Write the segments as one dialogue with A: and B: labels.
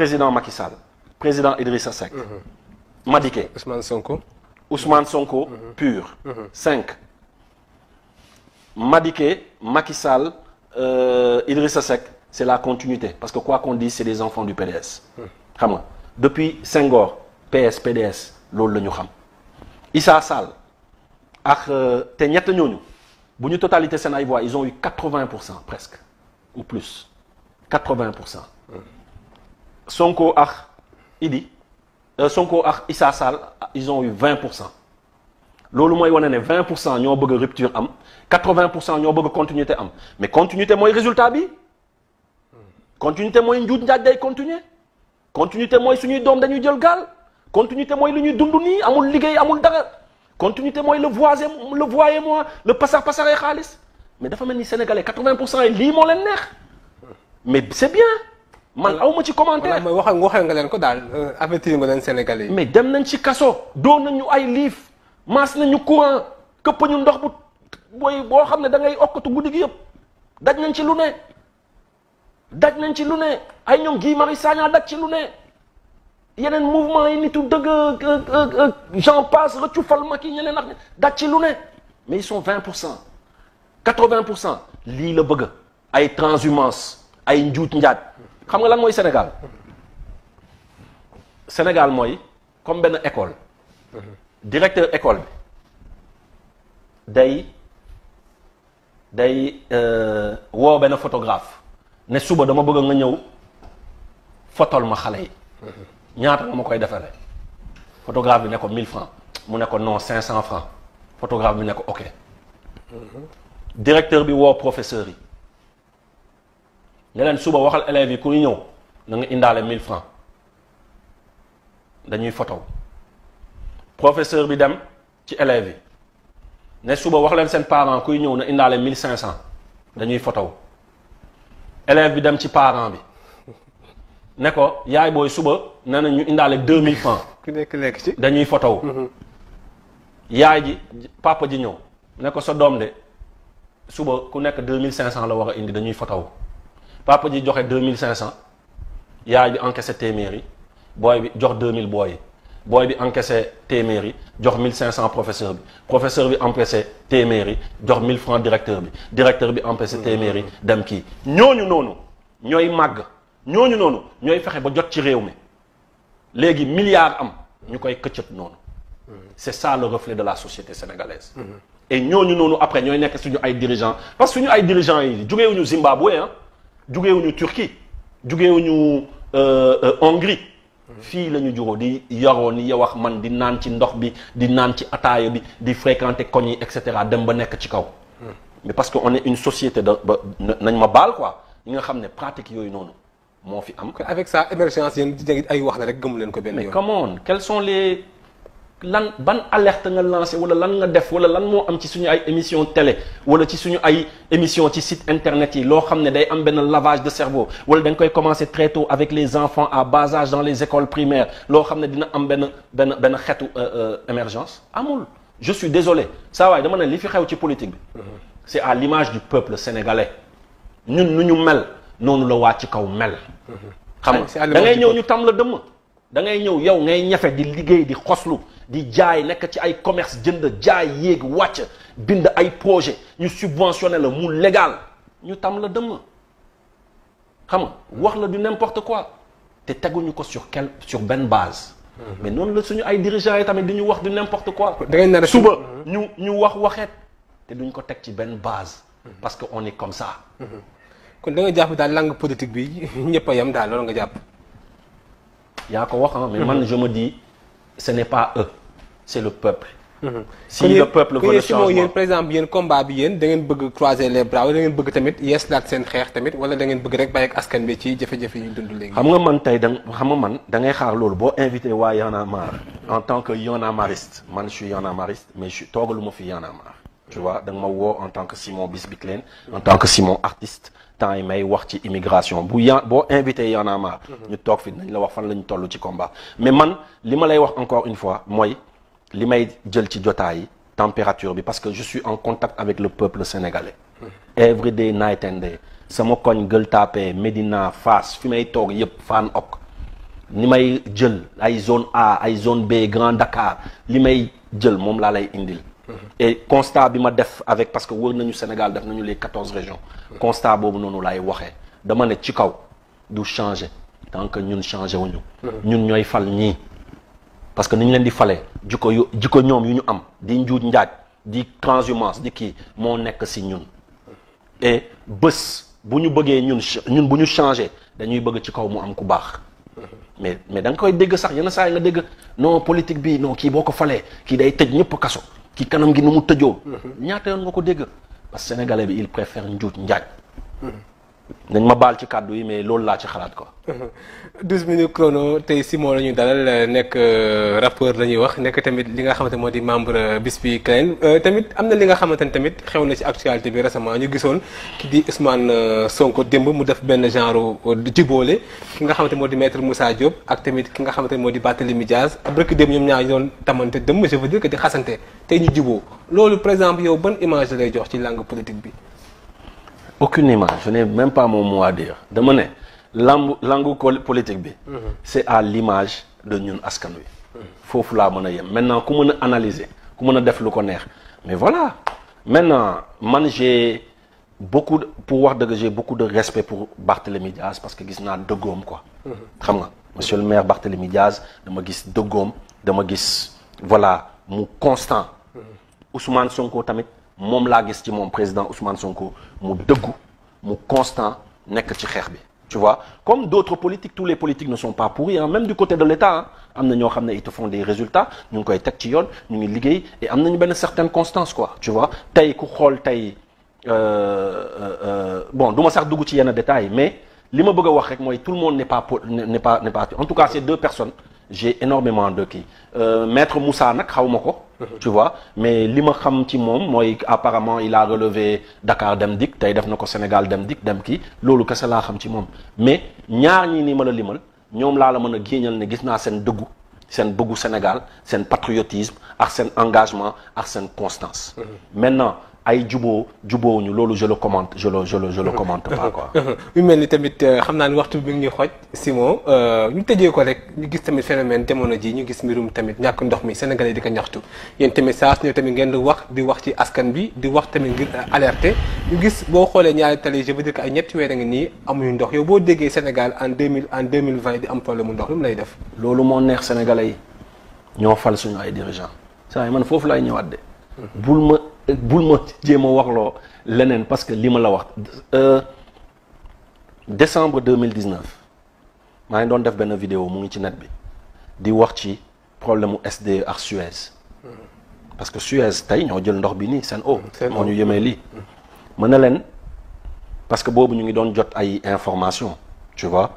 A: président Macky Sall président Idrissa Seck. Mhm. Madické Ousmane Sonko. Ousmane Sonko. Mhm. Mhm. pur. cinq Madické Macky Sall euh, Idrissa Seck c'est la continuité parce que quoi qu'on dise c'est des enfants du PDS. xam nga depuis Senghor PS PDS loolu la ñu xam Issa Sall ak euh, te ñett ñooñu bu ñu totalité seen ay voix ils ont eu quatre-vingt pour cent presque ou plus quatre-vingt pour cent. Sonko ak Idi euh, Sonko ak Issa Sall ils ont pour cent loolu mooy wane ne 20 pour cent ñoo bëgg rupture am 80 pour cent ñoo bëgg continuité am mais continuité mooy résultat bi continuité mooy nju njaaj day continuer continuité mooy suñuy doom dañuy jël gal continuité mooy lu ñuy dund nii amul liggéey amul dara continuité mooy le voisin le voyer moi le pasar pasaree xaalis mais dafa mel ni sénégalais 80 pour cent yi lii moo leen neex mais c'est bien. man aw
B: ma ci commentaire mooy waxal waxal nga leen ko daal euh, avertir nga leen Sénégalais yi. mais dem nañ ci kaso doo nañu ay liif mas nañu courant këpp ñu ndox bu booy boo xam ne da ngay
A: okkatu guddi gi yëpp daj nañ ci lu ne daj nañ ci lu ne ay ñoom Guy Marius Sagna daj ci lu ne yeneen mouvement yi nitu dëgg euh, euh, j'en passe rëccu fal ma ki ñeneen ak daj ci lu ne mais ils sont vingt pour cent quatre-vingt pour cent lii la bëgg ay transhumance ay njuut njaat xam nga lan mooy Sénégal Sénégal mooy comme benn école directeur école bi day day euh, woo benn photographe ne suba dama bëgg nga ñëw fotol ma xale yi ñaata nga ma koy defaree photographe bi ne mille 1000 francs mu ne ko non 500 francs photographe bi ne ok mhm. directeur bi woo professeur yi ne leen suba waxal élève yi kuy ñëw na nga indaale 1000 francs dañuy fotow professeur bi dem ci élève yi ne suba wax leen seen parent kuy ñëw na indaale 1500 dañuy fotow élève bi dem ci parent bi ne ko yaay booy suba nee na ñu indaale mille francs ku nekk lekk ci dañuy fotow mm-hmm. yaay ji papa ji ñëw ne ko sa doom de suba ku nekk cent la war a indi dañuy fotow papa ji joxe deux mille cinq cent yaay bi encaissé téeméer yi booy bi jox deux mille booy yi booy bi encaissé téeméer yi jox mille cinq cent professeur bi professeur bi encaissé téeméer yi jox mille francs directeur bi directeur bi encaissé téeméer yi dem kii ñooñu noonu ñooy màgg ñooñu noonu ñooy fexe ba jot ci réew mi léegi milliards am ñu noonu c'est ça le reflet de la société sénégalaise mm-hmm. et ñooñu noonu après ñooy nekk suñu ay dirigeants parce que suñu ay dirigeants yi jógeewuñu Zimbabwe ah jugeewuñu Turquie jugeewuñu euh, euh, Hongrie fii la ñu juróo di yaroo ni yow wax man di naan ci ndox bi di naan ci ataaya bi di fréquenter koñ yi et cetera dem ba nekk ci kaw parce que on est une société da ba nañ ma baal quoi ñi nga xam ne pratique yooyu noonu moo fi am avec ça émergence yéen ay wax la rek gëmu leen ko benn yoon mais on quels sont les lan ban alerte nga lancé wala lan nga def wala lan moo am ci suñu ay émission télé wala ci suñu ay émission ci site internet yi loo xam ne day am benn lavage de cerveau wala da koy commencer très tôt avec les enfants à bas âge dans les écoles primaires loo xam ne dina am benn benn benn xeetu euh, euh, émergence amul je suis désolé saa waay dama fi xew ci politique bi c'est à l'image du peuple sénégalais ñun nu ñu mel noonu la waa ci kaw mel xam nga da ngay ñëw ñu tam la dëmm dangay ñëw yow ngay ñafe di liggéey di xoslu di jaay nekk ci ay commerce jënd jaay yéeg wàcc bind ay projet ñu subventionné la mu légal ñu tam la dëmm xam wax la du n'importe quoi te teguñu ko sur quelle sur benn base mhm. mais noonu la suñu ay dirigeants yi tamit du ñu wax du n'importe quoi suba ñu ñu wax waxeet te duñ ko teg ci benn base mhm. parce que on est comme ça
B: mhm. kon da nga jàpp daal langue politique bi ñëpp a yem daal loolu nga jàpp
A: yaa ko wax ah man je di dis ce n'est pas eux c'est le peuple.
B: Mhm. si le peuple veut le changement yéen par yéen combat bi yéen da ngeen bëgg croiser les bras wala da ngeen bëgg tamit yeeslaat seen xeex tamit wala da ngeen bëgg rek bàyyi ak askan bi ci jafe-jafe yi ñu dund léegi. xam
A: nga man tey da xam nga man da xaar loolu boo invité waa a marre en tant que Y'en a marriste man suis Y'en mais toogaluma fi Y'en a marre tu vois da ma woo en tant que Simon Bisbitlen en tant que Simon artiste temps yi may wax ci bu yan boo invité Y'en a marre mhm. ñu toog fi nañ la wax fan la ñu toll ci combat mais man li ma lay wax encore fois mooy li may jël ci jotaay yi température bi parce que je suis en contact avec le peuple sénégalais mm-hmm. every day night and day sama koñ Gueule Tapée Médina Fass fi may toog yëpp Fann Ok ni may jël ay zone A ay zone B Grand Dakar li may jël moom laa lay indil mm-hmm. et constat bi ma def avec parce que wër nañu Sénégal def nañu les quatorze régions mm-hmm. constat boobu noonu laay waxee dama ne ci kaw du changer tant que ñun changé wuñu ñun ñooy fal ñii parce que ni ñu leen di fale jikko yu jikko ñoom yu ñu am di njuuj njaaj di transhumance di kii moo nekk si ñun et bés bu ñu bëggee ñun ñun bu ñu changé dañuy bëgg ci kaw mu am ku baax mais mais da koy dégg sax yenn saa yi nga dégg non politique bi noo kii boo ko falee kii day tëj ñëpp kaso kii kanam gi nu mu tëjoo mm-hmm. ñaata yoon nga ko dégg parce que sénégalais bi il préfère njuuj njaaj mm-hmm. dañ ma baal ci kàddu yi mais loolu laa ci xalaat ko
B: 12 minutes chrono tey Simon la ñu dalal nekk euh, rappeur la ñuy wax nekk tamit li nga xamante moo di membre euh, Bispi Klein euh, tamit am na li nga xamante ni tamit xew na ci actualité bi récemment ñu gisoon ki di Ousmane Sonko démb mu def benn genre jiboole ki nga xamante moo di maître Moussa Diop ak tamit ki nga xamante moo di Barthélémy Dias ab rëkk démb ñoom ñaar ñu doon tamante dëmm je veux dire que di xasante tey ñu jiboo loolu par exemple yow ban image lay jox ci langue politique bi
A: aucunement je n'ai même pas mon mot à dire dama ne
B: langu langu
A: politique bi. Mhm. c'est à l'image de ñun askan wi. foofu laa mën a yem maintenant ku mën a analyser ku mën a def lu ko neex mais voilà maintenant man j'ai beaucoup de, pour wax dëgg j'ai beaucoup de respect pour Barthélémy Diaz parce que gis naa dëggoom quoi. Mhm. xam nga monsieur le maire Barthélémy Diaz dama gis dëggoom dama gis voilà mu constant. Mhm. Ousmane Sonko tamit. moom laa gis ci moom président Ousmane Sonko mu dëggu mu constant nekk ci xeex bi tu vois comme d'autres politiques tous les politiques ne sont pas pourris même du côté de l'État am na xam ne ils te font des résultats ñu ngi koy teg ci yoon ñu ngi liggéey et am nañu benn certaine constance quoi tu vois tey ku xool tey euh, euh, euh, bon du ma sax dugg ci yenn mais li ma bëgg a wax rek mooy tout le monde n'est pas n'est pas n'est pas en tout cas ces deux personnes j'ai énormément de kii euh, maître Moussa nag xaw ma ko. tu vois mais li ma xam ci moom mooy apparemment il la relevé Dakar Dem Dikk tey def na ko Sénégal Dem Dikk dem kii loolu kese laa xam ci moom mais ñaar ñi nii ma la limal ñoom laa la mën a génneel ne gis naa seen dëggu seen bëggu Sénégal seen patriotisme ak seen engagement ak seen constance. Mhm. maintenant. ay juboo juboowuñu loolu je le commente je le je le je le
B: mel ni tamit euh, xam naa ni waxtu bi ngi ñuy xooj Simon euh, ñu tëjee ko rek ñu gis tamit phénomène jamono ji ñu gis mbirum tamit ñàkk ndox mi Sénégalais di ko ñaxtu yéen tamit saa su ñëw ngeen di wax di wax ci askan bi di tamit ngir euh, ñu gis boo xoolee ñaari tali je veux ay ñetti a ngi nii amuñu ndox yow boo déggee Sénégal en deux mille en deux mille vingt di am problème mu ndox lu mu def. loolu moo neex Sénégalais yi
A: ñoo fal suñu ay dirigeants. saa man foofu laay ñëwaat de. Mhm. bul ma bul ma jéem a waxloo leneen parce que li ma la wax euh, décembre 2019 maa ngi doon def benn vidéo mu ngi ci net bi di wax ci problème mu SDE ak Suez parce que Suez tey ñoo jël ndox bi nii seen o moo ñu yemee lii mën na leen parce que boobu ñu ngi doon jot ay information tu vois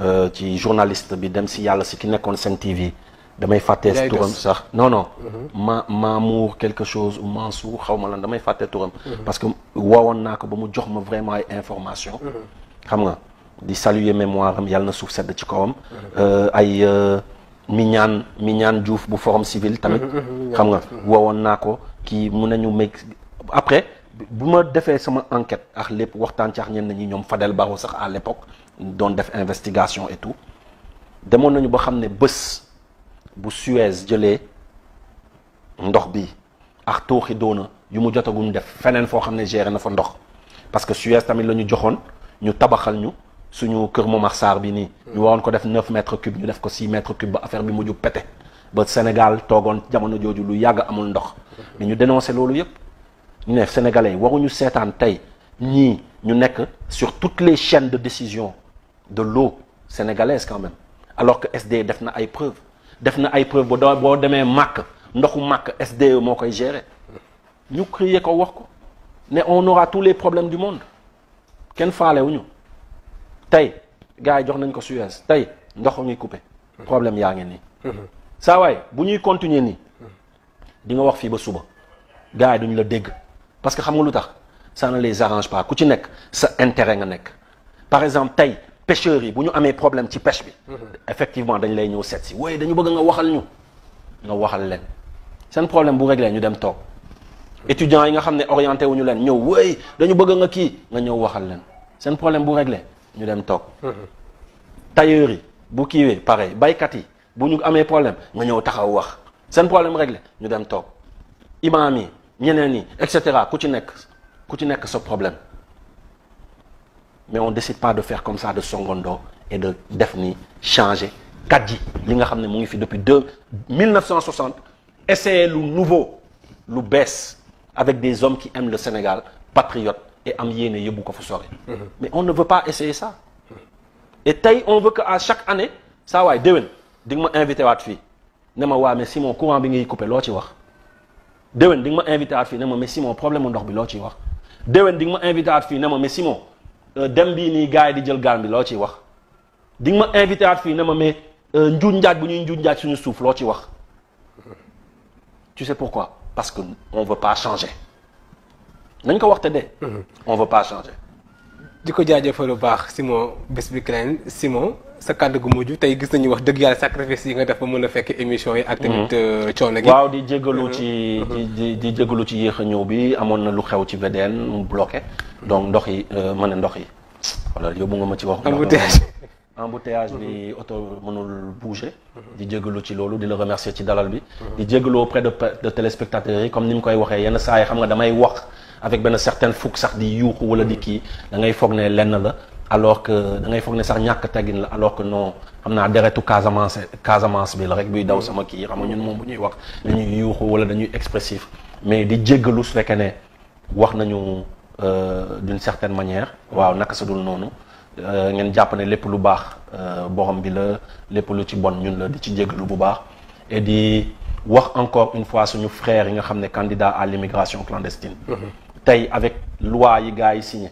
A: euh, ci journaliste bi dem si yàlla si ki nekkoon seen TV damay fàtte turam sax non non mhm. ma Mamour quelque chose ou Mansour xaw ma lan damay fàtte turam mhm. parce que woowoon naa ko ba mu jox ma vraiment ay information mhm. xam nga di saluer mémoire am yàlla na suuf sedd ci kawam euh, ay euh, Mignane Mignane Diouf bu forum civil tamit xam nga woowoon naa ko kii mun nañu make après bu ma defee sama enquête ak lépp waxtaan ci ak ñenn ñi ñoom Fadel Barro sax à l'époque doon def investigation et demoon nañu ba xam ne bés bu Suez jëlee ndox bi ak tooxi doona yu mu jotaguñ def feneen foo xam ne géré na fa ndox parce que Suez tamit la ñu joxoon ñu tabaxal ñu suñu kër Momar Sarr bi nii. ñu waroon ko def 9 mètres ñu def ko 6 mètres cubes ba affaire bi mu mujj pete ba Sénégal toogoon jamono jooju lu yàgg amul ndox. mais ñu dénoncé loolu yépp ñu ne sénégalais waruñu seetaan tey ñii ñu nekk sur toutes les chaines de décision de l'eau sénégalaise quand même alors que SDE def na ay preuves. def na ay preuve ba boo demee màkk ndoxu màkk SDE moo koy gérer ñu crier ko wax ko ne on aura tous les problèmes du monde kenn faale wu ñu tey gars jox nañ ko Suez tey ndox ngi coupé problème yaa ngi nii. saa waay bu ñuy continuer nii di nga wax fii ba suba gars yi duñ la dégg parce que xam nga lu tax ça ne les arrange pas ku ci nekk sa intérêt nga nekk par exemple tey. pêcheurs yi bu ñu amee problème ci pêche bi. Mhm. effectivement dañ lay ñëw seet si waaye dañu bëgg nga waxal ñu nga waxal leen seen problème bu réglé ñu dem toog mhm. étudiants yi nga xam ne orienté wuñu leen ñëw waaye dañu bëgg nga kii nga ñëw waxal leen seen problème bu réglé ñu dem toog. Mhm. tailleurs yi bu kiiwee pareil baykat yi bu ñu amee problème nga ñëw taxaw wax seen problème réglé ñu dem toog imaam yi ñeneen yi et cetera ku ci nekk ku ci nekk sa problème. mais on décide pas de faire comme ça de songondoo et de def ni changer kat ji li nga xam ne mu ngi fi depuis deux mille neuf cent soixante essayer lu nouveau lu bees avec des hommes qui aiment le Sénégal patriotes et am yéene yóbbu ko fu sore mais on ne veut pas essayer ça et tey on veut que à chaque année saa waay déwén di nga ma invité waat fii ne ma waa mais Simon courant bi ngay coupé loo ci wax déwén di nga ma invité waat fii ne mais Simon problème mu ndox bi loo ciy wax déwén di nga ma invité fii ne ma mais Simon Euh, dem bii nii gars yi di jël gaal bi loo ciy wax di nga ma invité at fii na ma mais njuuj euh, njaaj bu ñuy njuuj njaaj suñu suuf loo ci wax
B: tu sais pourquoi parce que on veut pas changer nañ ko waxte de. Mhm. on veut pas changer. di ko jaaj jaajëfal bu baax Simon Besbikane Simon. sa kàddu gu mujj tey gis nañu wax dëgg yàlla sacrifice yi nga def ba mën a fekk émission yi. ak tamit mhm. euh, coono waaw di
A: jégalu mhm. ci mhm. di di jégalu ci yéex a ñëw bi amoon na lu xew ci VDN mu bloqué donc ndox yi euh, ma ne ndox yi wala yóbbu nga ma ci wax. embouteillage embouteillage bi oto mënul bouger. di jégalu ci loolu di la remercier ci dalal bi. di jégalu auprès de de yi comme ni mu koy waxee yenn saa yi xam nga damay wax avec benn certaine fougue sax di yuuxu wala di kii da foog ne lenn la. alors que da ngay foog ne sax ñàkk teggin la alors que non xam naa deretu Casamance Casamance bi la rek buy daw sama kii xam nga ñun moom bu ñuy wax dañuy yuuxu wala dañuy expressif mais di jéggalu su fekkee ne wax nañu euh, d'une certaine manière waaw naka sa dul noonu euh, ngeen jàpp ne lépp lu baax euh, borom bi la lépp lu ci bon ñun la di ci jéggalu bu baax et di wax encore une fois suñu frère yi nga xam ne candidat à l'immigration clandestine mm-hmm. tey avec loi yi gars yi signé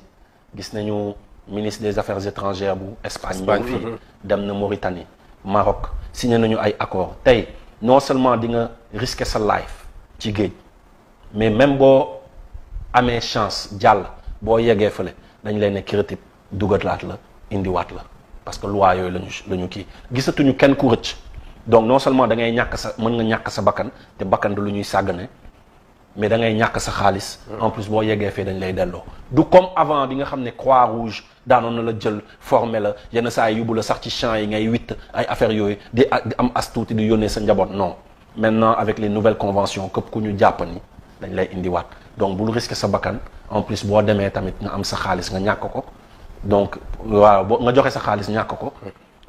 A: gis nañu ministre des affaires étrangères bu Espagne ñëw fii mhm. dem na Mauritanie Maroc signé nañu ay accord tey non seulement di nga risquer sa life ci géej mais même boo amee chance jàll boo yeggee fële dañ lay ne critique dugalaat la indiwaat la parce que loi yooyu lañu la ñu kii gisatuñu kenn ku rëcc donc non seulement da ngay ñàkk sa mën nga ñàkk sa bakkan te bakkan du lu ñuy sàggane mais da ngay ñàkk sa xaalis mhm. en plus boo yeggee fee dañ lay delloo du comme daanoon na la jël formé la yenn saa yóbbu la sax ci champs yi ngay witt ay affaires yooyu di am as tuuti di yónnee sa njaboot non maintenant avec les nouvelles conventions képp ku ñu jàpp ni dañ lay indiwaat donc bul risque sa bakkan en plus boo demee tamit nga am sa xaalis nga ñàkk ko donc waaw boo nga joxe sa xaalis ñàkk ko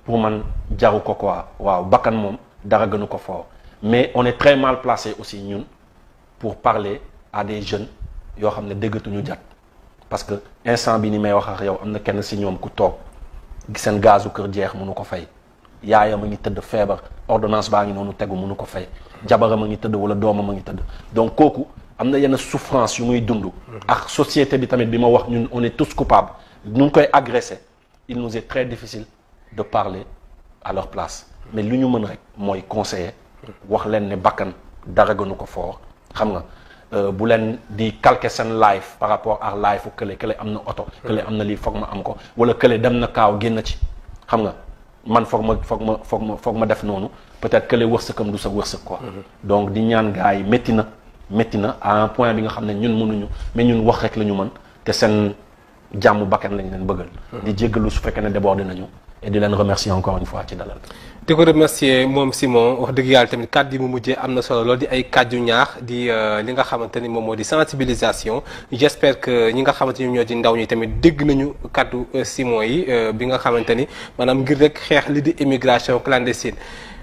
A: pour man jaru ko quoi waaw bakkan moom dara gënu ko foofu mais on est très mal placé aussi ñun pour parler à des jeunes yoo xam ne déggatuñu jat parce que instant bi ni may wax ak yow am na kenn si ñoom ku toog seen gazu kër jeex mënu ko fay yaayam a ngi tëdd feebar ordonnance baa ngi noonu tegu mënu ko fay jabaram a ngi tëdd wala doomam a ngi tëdd donc kooku am na yenn souffrance yu muy dund ak société bi tamit bi ma wax ñun on est tous coupables ñu ngi koy agressé il nous est très difficile de parler à leur place mais lu ñu mën rek mooy conseiller wax leen ne bakkan dara gënu ko foor xam nga Euh, bu leen di calquer seen life par rapport ak life fu kële kële am na oto. kële am na lii foog ma am ko wala kële dem na kaaw génn ci xam nga. man foog ma foog ma foog ma foog ma def noonu peut-être que les wërsëgam du sa wërsëg quoi. Mhm. donc di ñaan gars yi métti na métti na à un point bi nga xam ne ñun mënuñu mais ñun wax rek la ñu mën te seen
B: jàmm bakkan lañ leen bëggal. Mhm. di jéggalu su fekkee ne débordé nañu. et di leen remercier encore une fois ci dalal. di ko remercier moom Simon wax dëgg yàlla tamit kàddu yi mu mujjee am na solo lool di ay kàddu ñaax di euh, li nga xamante ni moom moo di sensibilisation j'espère que ñi nga xamante ni ñoo ci ndaw ñi tamit dégg nañu kàddu euh, Simon yi euh, bi nga xamante ni maanaam ngir rek xeex li di immigration clandestine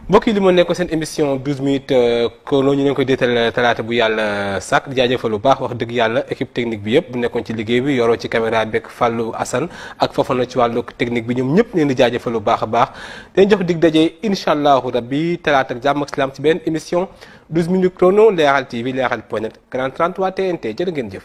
B: mbokk yi li ma nekkoon seen émission 12 minutes euh, chrono ñu leen koy déetal euh, talaata bu yàlla sàkk di jaajëfal lu baax wax dëgg yàlla équipe technique bi yëpp bu nekkoon ci liggéey bi yoroo ci caméra beeg Fallou Assane ak Fofana ci wàllu technique bi ñoom ñëpp leen di jaajëfal bu baax a baax dañ jox dig daje incha allahu rabbi talaata ak jàmm ak salaam ci benn émission 12 minutes chrono Leral TV Leral point net 33 TNT jërë ngeen jëf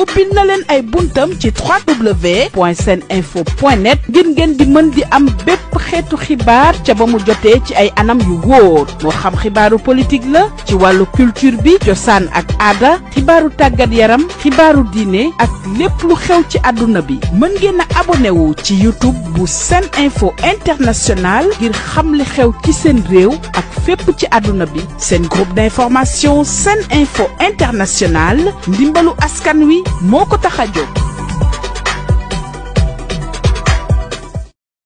B: ubbil na leen ay buntam ci www.seninfo.net ngir ngeen di mën di am bépp xeetu xibaar ca ba mu jotee ci ay anam yu wóor moo xam xibaaru politique la ci wàllu culture bi cosaan ak aada xibaaru tàggat yaram xibaaru diine ak lépp lu xew ci àdduna bi mën ngeen a abonné wu ci YouTube bu Sene Info International ngir xam li xew ci seen réew ak fépp ci àdduna bi seen groupe d'information Sene Info International ndimbalu askan wi moo ko tax a jóg